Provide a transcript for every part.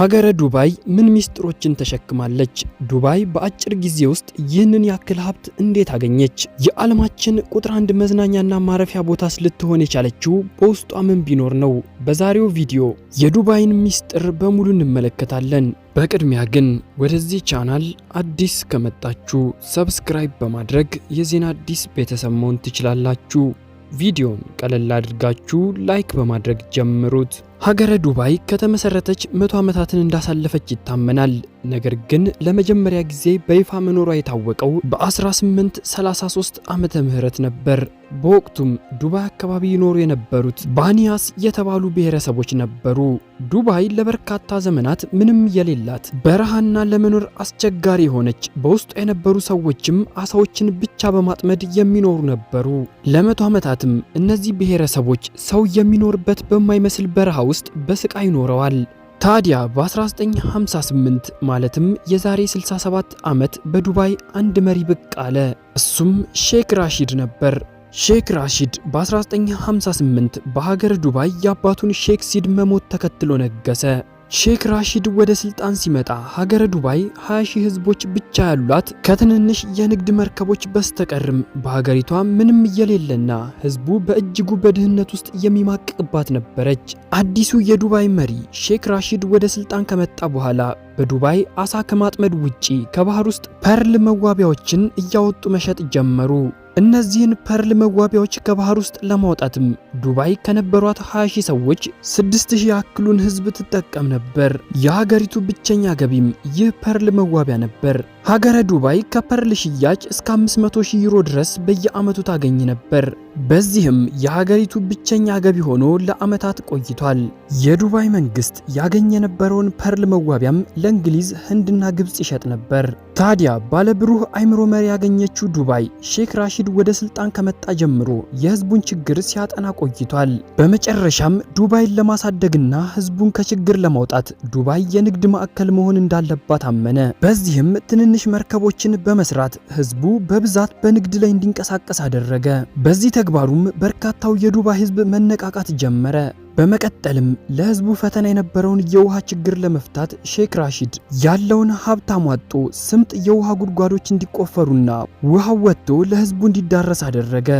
ሀገረ ዱባይ ምን ሚስጥሮችን ተሸክማለች? ዱባይ በአጭር ጊዜ ውስጥ ይህንን ያክል ሀብት እንዴት አገኘች? የዓለማችን ቁጥር አንድ መዝናኛና ማረፊያ ቦታስ ልትሆን የቻለችው በውስጧ ምን ቢኖር ነው? በዛሬው ቪዲዮ የዱባይን ሚስጥር በሙሉ እንመለከታለን። በቅድሚያ ግን ወደዚህ ቻናል አዲስ ከመጣችሁ ሰብስክራይብ በማድረግ የዜና አዲስ ቤተሰብ መሆን ትችላላችሁ። ቪዲዮን ቀለል አድርጋችሁ ላይክ በማድረግ ጀምሩት። ሀገረ ዱባይ ከተመሰረተች መቶ ዓመታትን እንዳሳለፈች ይታመናል። ነገር ግን ለመጀመሪያ ጊዜ በይፋ መኖሯ የታወቀው በ1833 ዓመተ ምህረት ነበር። በወቅቱም ዱባይ አካባቢ ይኖሩ የነበሩት ባኒያስ የተባሉ ብሔረሰቦች ነበሩ። ዱባይ ለበርካታ ዘመናት ምንም የሌላት በረሃና ለመኖር አስቸጋሪ የሆነች፣ በውስጧ የነበሩ ሰዎችም አሳዎችን ብቻ በማጥመድ የሚኖሩ ነበሩ። ለመቶ ዓመታትም እነዚህ ብሔረሰቦች ሰው የሚኖርበት በማይመስል በረሃ ውስጥ በስቃይ ኖረዋል። ታዲያ በ1958 ማለትም የዛሬ 67 ዓመት በዱባይ አንድ መሪ ብቅ አለ። እሱም ሼክ ራሺድ ነበር። ሼክ ራሺድ በ1958 በሀገር ዱባይ የአባቱን ሼክ ሲድ መሞት ተከትሎ ነገሰ። ሼክ ራሺድ ወደ ስልጣን ሲመጣ ሀገረ ዱባይ 20 ሺህ ህዝቦች ብቻ ያሏት ከትንንሽ የንግድ መርከቦች በስተቀርም በሀገሪቷ ምንም እየሌለና ህዝቡ በእጅጉ በድህነት ውስጥ የሚማቅቅባት ነበረች። አዲሱ የዱባይ መሪ ሼክ ራሺድ ወደ ስልጣን ከመጣ በኋላ በዱባይ አሳ ከማጥመድ ውጪ ከባህር ውስጥ ፐርል መዋቢያዎችን እያወጡ መሸጥ ጀመሩ። እነዚህን ፐርል መዋቢያዎች ከባህር ውስጥ ለማውጣትም ዱባይ ከነበሯት 20 ሺህ ሰዎች 6 ሺህ ያክሉን ህዝብ ትጠቀም ነበር። የሀገሪቱ ብቸኛ ገቢም ይህ ፐርል መዋቢያ ነበር። ሀገረ ዱባይ ከፐርል ሽያጭ እስከ 500 ሺህ ዩሮ ድረስ በየዓመቱ ታገኝ ነበር። በዚህም የሀገሪቱ ብቸኛ ገቢ ሆኖ ለዓመታት ቆይቷል። የዱባይ መንግስት ያገኝ የነበረውን ፐርል መዋቢያም ለእንግሊዝ፣ ህንድና ግብፅ ይሸጥ ነበር። ታዲያ ባለብሩህ አይምሮ መሪ ያገኘችው ዱባይ ሼክ ራሺድ ወደ ስልጣን ከመጣ ጀምሮ የህዝቡን ችግር ሲያጠና ቆይቷል። በመጨረሻም ዱባይን ለማሳደግና ህዝቡን ከችግር ለማውጣት ዱባይ የንግድ ማዕከል መሆን እንዳለባት አመነ። በዚህም ትንንሽ ትናንሽ መርከቦችን በመስራት ህዝቡ በብዛት በንግድ ላይ እንዲንቀሳቀስ አደረገ። በዚህ ተግባሩም በርካታው የዱባይ ህዝብ መነቃቃት ጀመረ። በመቀጠልም ለህዝቡ ፈተና የነበረውን የውሃ ችግር ለመፍታት ሼክ ራሺድ ያለውን ሀብት አሟጦ ስምጥ የውሃ ጉድጓዶች እንዲቆፈሩና ውሃው ወጥቶ ለህዝቡ እንዲዳረስ አደረገ።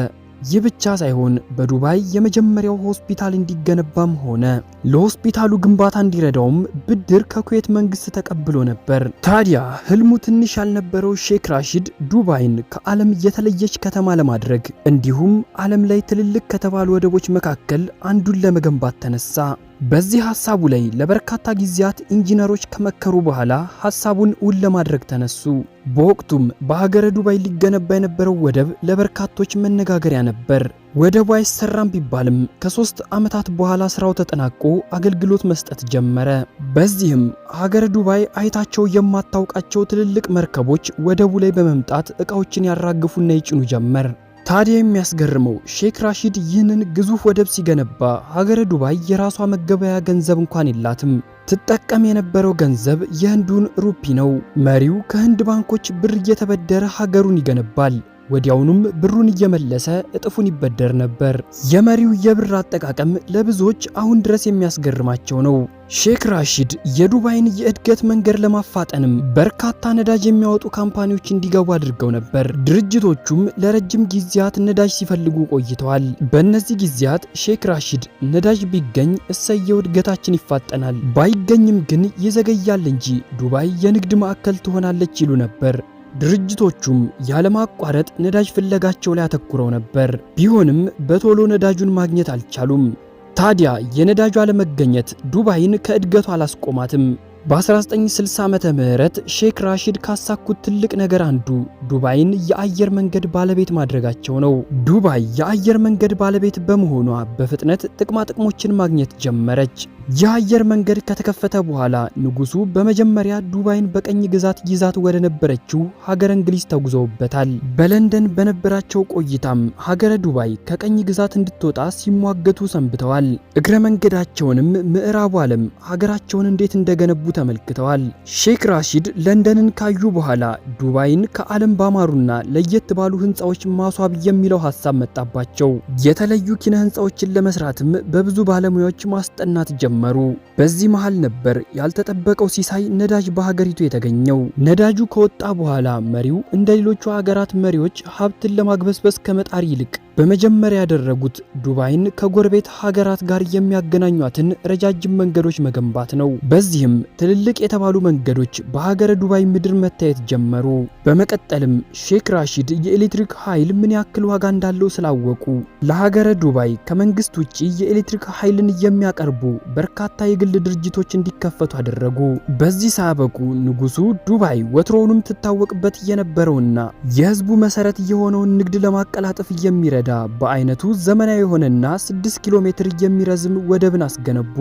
ይህ ብቻ ሳይሆን በዱባይ የመጀመሪያው ሆስፒታል እንዲገነባም ሆነ ለሆስፒታሉ ግንባታ እንዲረዳውም ብድር ከኩዌት መንግስት ተቀብሎ ነበር። ታዲያ ህልሙ ትንሽ ያልነበረው ሼክ ራሺድ ዱባይን ከዓለም የተለየች ከተማ ለማድረግ እንዲሁም ዓለም ላይ ትልልቅ ከተባሉ ወደቦች መካከል አንዱን ለመገንባት ተነሳ። በዚህ ሐሳቡ ላይ ለበርካታ ጊዜያት ኢንጂነሮች ከመከሩ በኋላ ሐሳቡን ውል ለማድረግ ተነሱ። በወቅቱም በሀገረ ዱባይ ሊገነባ የነበረው ወደብ ለበርካቶች መነጋገሪያ ነበር። ወደቡ አይሰራም ቢባልም ከሶስት ዓመታት በኋላ ስራው ተጠናቆ አገልግሎት መስጠት ጀመረ። በዚህም ሀገረ ዱባይ አይታቸው የማታውቃቸው ትልልቅ መርከቦች ወደቡ ላይ በመምጣት ዕቃዎችን ያራግፉና ይጭኑ ጀመር። ታዲያ የሚያስገርመው ሼክ ራሺድ ይህንን ግዙፍ ወደብ ሲገነባ ሀገረ ዱባይ የራሷ መገበያ ገንዘብ እንኳን የላትም። ትጠቀም የነበረው ገንዘብ የህንዱን ሩፒ ነው። መሪው ከህንድ ባንኮች ብር እየተበደረ ሀገሩን ይገነባል። ወዲያውኑም ብሩን እየመለሰ እጥፉን ይበደር ነበር። የመሪው የብር አጠቃቀም ለብዙዎች አሁን ድረስ የሚያስገርማቸው ነው። ሼክ ራሺድ የዱባይን የእድገት መንገድ ለማፋጠንም በርካታ ነዳጅ የሚያወጡ ካምፓኒዎች እንዲገቡ አድርገው ነበር። ድርጅቶቹም ለረጅም ጊዜያት ነዳጅ ሲፈልጉ ቆይተዋል። በእነዚህ ጊዜያት ሼክ ራሺድ ነዳጅ ቢገኝ እሰየው እድገታችን ይፋጠናል፣ ባይገኝም ግን ይዘገያል እንጂ ዱባይ የንግድ ማዕከል ትሆናለች ይሉ ነበር። ድርጅቶቹም ያለማቋረጥ ነዳጅ ፍለጋቸው ላይ አተኩረው ነበር። ቢሆንም በቶሎ ነዳጁን ማግኘት አልቻሉም። ታዲያ የነዳጁ አለመገኘት ዱባይን ከእድገቷ አላስቆማትም። በ1960 ዓመተ ምህረት ሼክ ራሺድ ካሳኩት ትልቅ ነገር አንዱ ዱባይን የአየር መንገድ ባለቤት ማድረጋቸው ነው። ዱባይ የአየር መንገድ ባለቤት በመሆኗ በፍጥነት ጥቅማጥቅሞችን ማግኘት ጀመረች። የአየር መንገድ ከተከፈተ በኋላ ንጉሱ በመጀመሪያ ዱባይን በቀኝ ግዛት ይዛት ወደ ነበረችው ሀገረ እንግሊዝ ተጉዘውበታል። በለንደን በነበራቸው ቆይታም ሀገረ ዱባይ ከቀኝ ግዛት እንድትወጣ ሲሟገቱ ሰንብተዋል። እግረ መንገዳቸውንም ምዕራቡ ዓለም ሀገራቸውን እንዴት እንደገነቡ ተመልክተዋል። ሼክ ራሺድ ለንደንን ካዩ በኋላ ዱባይን ከዓለም ባማሩና ለየት ባሉ ህንፃዎች ማስዋብ የሚለው ሀሳብ መጣባቸው። የተለዩ ኪነ ህንፃዎችን ለመስራትም በብዙ ባለሙያዎች ማስጠናት ጀመሩ። ጀመሩ። በዚህ መሃል ነበር ያልተጠበቀው ሲሳይ ነዳጅ በሀገሪቱ የተገኘው። ነዳጁ ከወጣ በኋላ መሪው እንደ ሌሎቹ ሀገራት መሪዎች ሀብትን ለማግበስበስ ከመጣር ይልቅ በመጀመሪያ ያደረጉት ዱባይን ከጎረቤት ሀገራት ጋር የሚያገናኟትን ረጃጅም መንገዶች መገንባት ነው። በዚህም ትልልቅ የተባሉ መንገዶች በሀገረ ዱባይ ምድር መታየት ጀመሩ። በመቀጠልም ሼክ ራሺድ የኤሌክትሪክ ኃይል ምን ያክል ዋጋ እንዳለው ስላወቁ ለሀገረ ዱባይ ከመንግስት ውጭ የኤሌክትሪክ ኃይልን የሚያቀርቡ በር በርካታ የግል ድርጅቶች እንዲከፈቱ አደረጉ። በዚህ ሳበቁ ንጉሱ ዱባይ ወትሮውንም ትታወቅበት የነበረውና የህዝቡ መሰረት የሆነውን ንግድ ለማቀላጠፍ የሚረዳ በአይነቱ ዘመናዊ የሆነና 6 ኪሎ ሜትር የሚረዝም ወደብን አስገነቡ።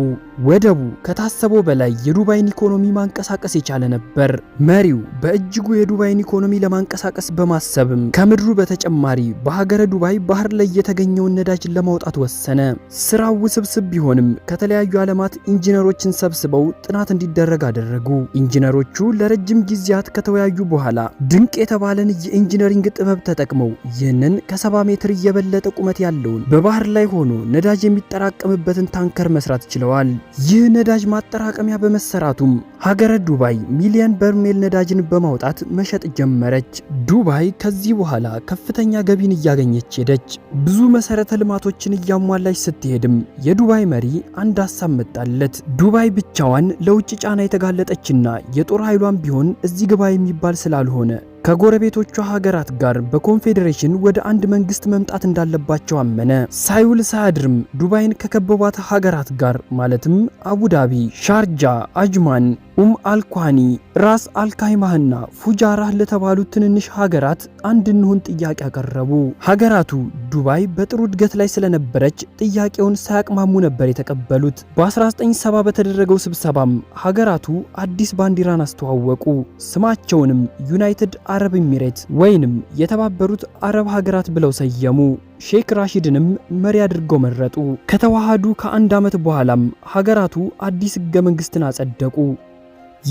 ወደቡ ከታሰበው በላይ የዱባይን ኢኮኖሚ ማንቀሳቀስ የቻለ ነበር። መሪው በእጅጉ የዱባይን ኢኮኖሚ ለማንቀሳቀስ በማሰብም ከምድሩ በተጨማሪ በሀገረ ዱባይ ባህር ላይ የተገኘውን ነዳጅ ለማውጣት ወሰነ። ስራው ውስብስብ ቢሆንም ከተለያዩ ባለማት ኢንጂነሮችን ሰብስበው ጥናት እንዲደረግ አደረጉ። ኢንጂነሮቹ ለረጅም ጊዜያት ከተወያዩ በኋላ ድንቅ የተባለን የኢንጂነሪንግ ጥበብ ተጠቅመው ይህንን ከ70 ሜትር የበለጠ ቁመት ያለውን በባህር ላይ ሆኖ ነዳጅ የሚጠራቀምበትን ታንከር መስራት ችለዋል። ይህ ነዳጅ ማጠራቀሚያ በመሰራቱም ሀገረ ዱባይ ሚሊዮን በርሜል ነዳጅን በማውጣት መሸጥ ጀመረች። ዱባይ ከዚህ በኋላ ከፍተኛ ገቢን እያገኘች ሄደች። ብዙ መሰረተ ልማቶችን እያሟላች ስትሄድም የዱባይ መሪ አንድ ሀሳብ መጣለት። ዱባይ ብቻዋን ለውጭ ጫና የተጋለጠችና የጦር ኃይሏን ቢሆን እዚህ ግባ የሚባል ስላልሆነ ከጎረቤቶቿ ሀገራት ጋር በኮንፌዴሬሽን ወደ አንድ መንግስት መምጣት እንዳለባቸው አመነ። ሳይውል ሳያድርም ዱባይን ከከበቧት ሀገራት ጋር ማለትም አቡዳቢ፣ ሻርጃ፣ አጅማን፣ ኡም አልኳኒ፣ ራስ አልካይማህና ፉጃራህ ለተባሉት ትንንሽ ሀገራት አንድ እንሁን ጥያቄ አቀረቡ። ሀገራቱ ዱባይ በጥሩ እድገት ላይ ስለነበረች ጥያቄውን ሳያቅማሙ ነበር የተቀበሉት። በ1970 በተደረገው ስብሰባም ሀገራቱ አዲስ ባንዲራን አስተዋወቁ። ስማቸውንም ዩናይትድ አረብ ኤሚሬት ወይንም የተባበሩት አረብ ሀገራት ብለው ሰየሙ። ሼክ ራሺድንም መሪ አድርገው መረጡ። ከተዋሃዱ ከአንድ ዓመት በኋላም ሀገራቱ አዲስ ህገ መንግስትን አጸደቁ።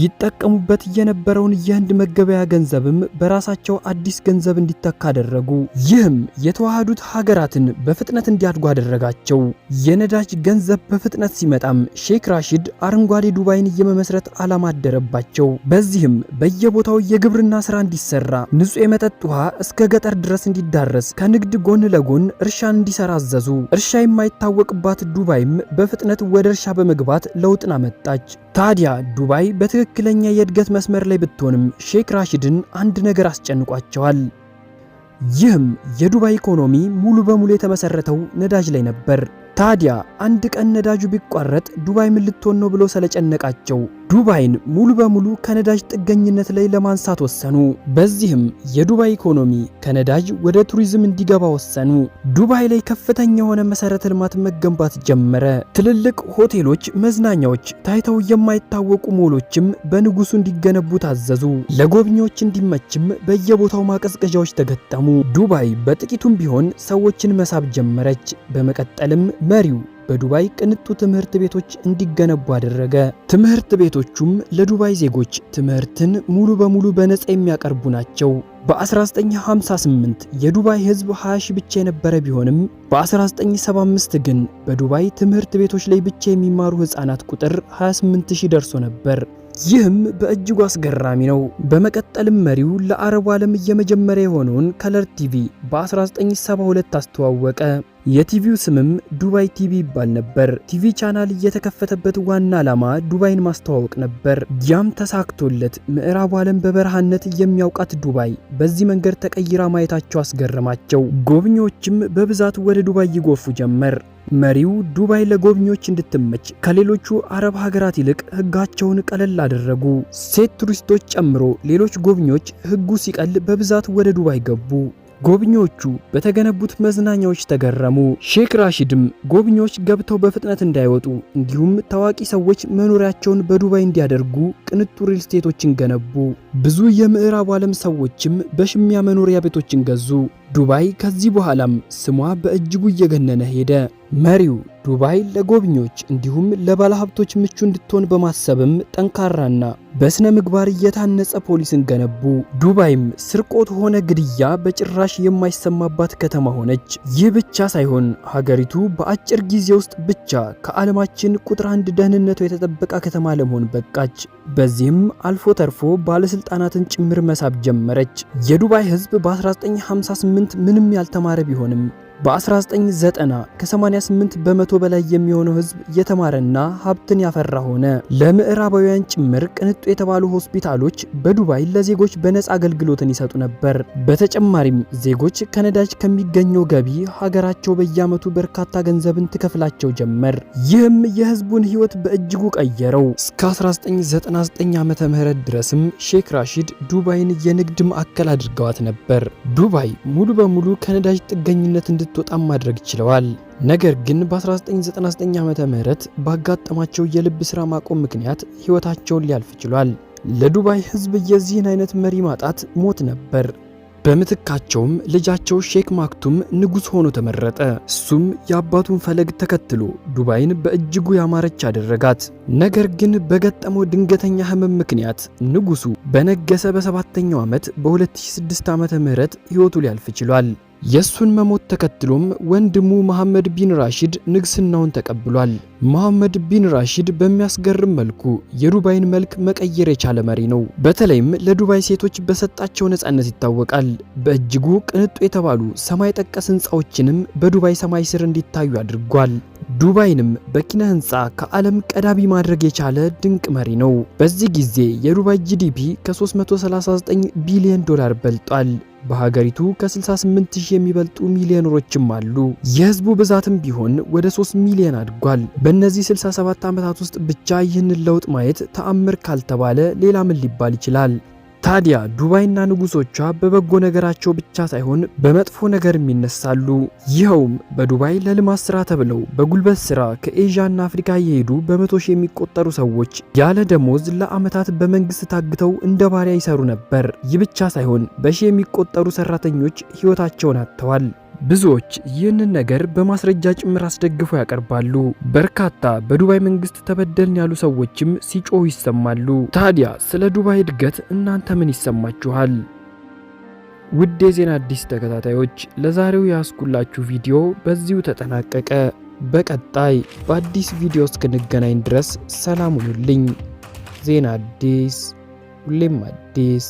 ይጠቀሙበት የነበረውን የህንድ መገበያ ገንዘብም በራሳቸው አዲስ ገንዘብ እንዲተካ አደረጉ። ይህም የተዋሃዱት ሀገራትን በፍጥነት እንዲያድጉ አደረጋቸው። የነዳጅ ገንዘብ በፍጥነት ሲመጣም ሼክ ራሺድ አረንጓዴ ዱባይን የመመስረት ዓላማ አደረባቸው። በዚህም በየቦታው የግብርና ስራ እንዲሰራ፣ ንጹህ የመጠጥ ውሃ እስከ ገጠር ድረስ እንዲዳረስ፣ ከንግድ ጎን ለጎን እርሻን እንዲሰራ አዘዙ። እርሻ የማይታወቅባት ዱባይም በፍጥነት ወደ እርሻ በመግባት ለውጥን አመጣች። ታዲያ ዱባይ በትክክለኛ የእድገት መስመር ላይ ብትሆንም ሼክ ራሽድን አንድ ነገር አስጨንቋቸዋል። ይህም የዱባይ ኢኮኖሚ ሙሉ በሙሉ የተመሰረተው ነዳጅ ላይ ነበር። ታዲያ አንድ ቀን ነዳጁ ቢቋረጥ ዱባይ ምን ልትሆን ነው ብሎ ስለጨነቃቸው ዱባይን ሙሉ በሙሉ ከነዳጅ ጥገኝነት ላይ ለማንሳት ወሰኑ። በዚህም የዱባይ ኢኮኖሚ ከነዳጅ ወደ ቱሪዝም እንዲገባ ወሰኑ። ዱባይ ላይ ከፍተኛ የሆነ መሰረተ ልማት መገንባት ጀመረ። ትልልቅ ሆቴሎች፣ መዝናኛዎች፣ ታይተው የማይታወቁ ሞሎችም በንጉሱ እንዲገነቡ ታዘዙ። ለጎብኚዎች እንዲመችም በየቦታው ማቀዝቀዣዎች ተገጠሙ። ዱባይ በጥቂቱም ቢሆን ሰዎችን መሳብ ጀመረች። በመቀጠልም መሪው በዱባይ ቅንጡ ትምህርት ቤቶች እንዲገነቡ አደረገ። ትምህርት ቤቶቹም ለዱባይ ዜጎች ትምህርትን ሙሉ በሙሉ በነፃ የሚያቀርቡ ናቸው። በ1958 የዱባይ ህዝብ 20 ሺህ ብቻ የነበረ ቢሆንም በ1975 ግን በዱባይ ትምህርት ቤቶች ላይ ብቻ የሚማሩ ህፃናት ቁጥር 28 ሺህ ደርሶ ነበር። ይህም በእጅጉ አስገራሚ ነው። በመቀጠልም መሪው ለአረቡ ዓለም የመጀመሪያ የሆነውን ከለር ቲቪ በ1972 አስተዋወቀ። የቲቪው ስምም ዱባይ ቲቪ ይባል ነበር። ቲቪ ቻናል የተከፈተበት ዋና ዓላማ ዱባይን ማስተዋወቅ ነበር። ያም ተሳክቶለት ምዕራቡ ዓለም በበረሃነት የሚያውቃት ዱባይ በዚህ መንገድ ተቀይራ ማየታቸው አስገረማቸው። ጎብኚዎችም በብዛት ወደ ዱባይ ይጎፉ ጀመር። መሪው ዱባይ ለጎብኚዎች እንድትመች ከሌሎቹ አረብ ሀገራት ይልቅ ህጋቸውን ቀለል አደረጉ። ሴት ቱሪስቶች ጨምሮ ሌሎች ጎብኚዎች ህጉ ሲቀል በብዛት ወደ ዱባይ ገቡ። ጎብኚዎቹ በተገነቡት መዝናኛዎች ተገረሙ። ሼክ ራሺድም ጎብኚዎች ገብተው በፍጥነት እንዳይወጡ እንዲሁም ታዋቂ ሰዎች መኖሪያቸውን በዱባይ እንዲያደርጉ ቅንጡ ሪልስቴቶችን ገነቡ። ብዙ የምዕራቡ ዓለም ሰዎችም በሽሚያ መኖሪያ ቤቶችን ገዙ። ዱባይ ከዚህ በኋላም ስሟ በእጅጉ እየገነነ ሄደ። መሪው ዱባይ ለጎብኚዎች እንዲሁም ለባለሀብቶች ምቹ እንድትሆን በማሰብም ጠንካራና በሥነ ምግባር እየታነጸ ፖሊስን ገነቡ። ዱባይም ስርቆት ሆነ ግድያ በጭራሽ የማይሰማባት ከተማ ሆነች። ይህ ብቻ ሳይሆን ሀገሪቱ በአጭር ጊዜ ውስጥ ብቻ ከዓለማችን ቁጥር አንድ ደህንነቱ የተጠበቀ ከተማ ለመሆን በቃች። በዚህም አልፎ ተርፎ ባለሥልጣናትን ጭምር መሳብ ጀመረች። የዱባይ ህዝብ በ1958 ምንም ያልተማረ ቢሆንም በ1990 ከ88 በመቶ በላይ የሚሆነው ህዝብ የተማረና ሀብትን ያፈራ ሆነ። ለምዕራባውያን ጭምር ቅንጡ የተባሉ ሆስፒታሎች በዱባይ ለዜጎች በነፃ አገልግሎትን ይሰጡ ነበር። በተጨማሪም ዜጎች ከነዳጅ ከሚገኘው ገቢ ሀገራቸው በየዓመቱ በርካታ ገንዘብን ትከፍላቸው ጀመር። ይህም የህዝቡን ህይወት በእጅጉ ቀየረው። እስከ 1999 ዓ ም ድረስም ሼክ ራሺድ ዱባይን የንግድ ማዕከል አድርገዋት ነበር። ዱባይ ሙሉ በሙሉ ከነዳጅ ጥገኝነት እንድትወጣም ማድረግ ችለዋል። ነገር ግን በ1999 ዓ.ም ባጋጠማቸው የልብ ስራ ማቆም ምክንያት ህይወታቸውን ሊያልፍ ችሏል። ለዱባይ ህዝብ የዚህን አይነት መሪ ማጣት ሞት ነበር። በምትካቸውም ልጃቸው ሼክ ማክቱም ንጉሥ ሆኖ ተመረጠ። እሱም የአባቱን ፈለግ ተከትሎ ዱባይን በእጅጉ ያማረች አደረጋት። ነገር ግን በገጠመው ድንገተኛ ህመም ምክንያት ንጉሱ በነገሰ በሰባተኛው ዓመት በ2006 ምህረት ህይወቱ ሊያልፍ ችሏል። የሱን መሞት ተከትሎም ወንድሙ መሐመድ ቢን ራሺድ ንግስናውን ተቀብሏል። መሐመድ ቢን ራሺድ በሚያስገርም መልኩ የዱባይን መልክ መቀየር የቻለ መሪ ነው። በተለይም ለዱባይ ሴቶች በሰጣቸው ነፃነት ይታወቃል። በእጅጉ ቅንጡ የተባሉ ሰማይ ጠቀስ ህንፃዎችንም በዱባይ ሰማይ ስር እንዲታዩ አድርጓል። ዱባይንም በኪነ ህንፃ ከዓለም ቀዳሚ ማድረግ የቻለ ድንቅ መሪ ነው። በዚህ ጊዜ የዱባይ ጂዲፒ ከ339 ቢሊዮን ዶላር በልጧል። በሀገሪቱ ከ68 ሺህ የሚበልጡ ሚሊዮነሮችም አሉ። የህዝቡ ብዛትም ቢሆን ወደ 3 ሚሊዮን አድጓል። በእነዚህ 67 ዓመታት ውስጥ ብቻ ይህንን ለውጥ ማየት ተአምር ካልተባለ ሌላ ምን ሊባል ይችላል? ታዲያ ዱባይና ንጉሶቿ በበጎ ነገራቸው ብቻ ሳይሆን በመጥፎ ነገርም ይነሳሉ። ይኸውም በዱባይ ለልማት ስራ ተብለው በጉልበት ስራ ከኤዥያና አፍሪካ እየሄዱ በመቶ ሺህ የሚቆጠሩ ሰዎች ያለ ደሞዝ ለአመታት በመንግስት ታግተው እንደ ባሪያ ይሰሩ ነበር። ይህ ብቻ ሳይሆን በሺህ የሚቆጠሩ ሰራተኞች ህይወታቸውን አጥተዋል። ብዙዎች ይህንን ነገር በማስረጃ ጭምር አስደግፈው ያቀርባሉ። በርካታ በዱባይ መንግስት ተበደልን ያሉ ሰዎችም ሲጮሁ ይሰማሉ። ታዲያ ስለ ዱባይ እድገት እናንተ ምን ይሰማችኋል? ውድ የዜና አዲስ ተከታታዮች ለዛሬው ያስኩላችሁ ቪዲዮ በዚሁ ተጠናቀቀ። በቀጣይ በአዲስ ቪዲዮ እስክንገናኝ ድረስ ሰላም ሁኑልኝ። ዜና አዲስ ሁሌም አዲስ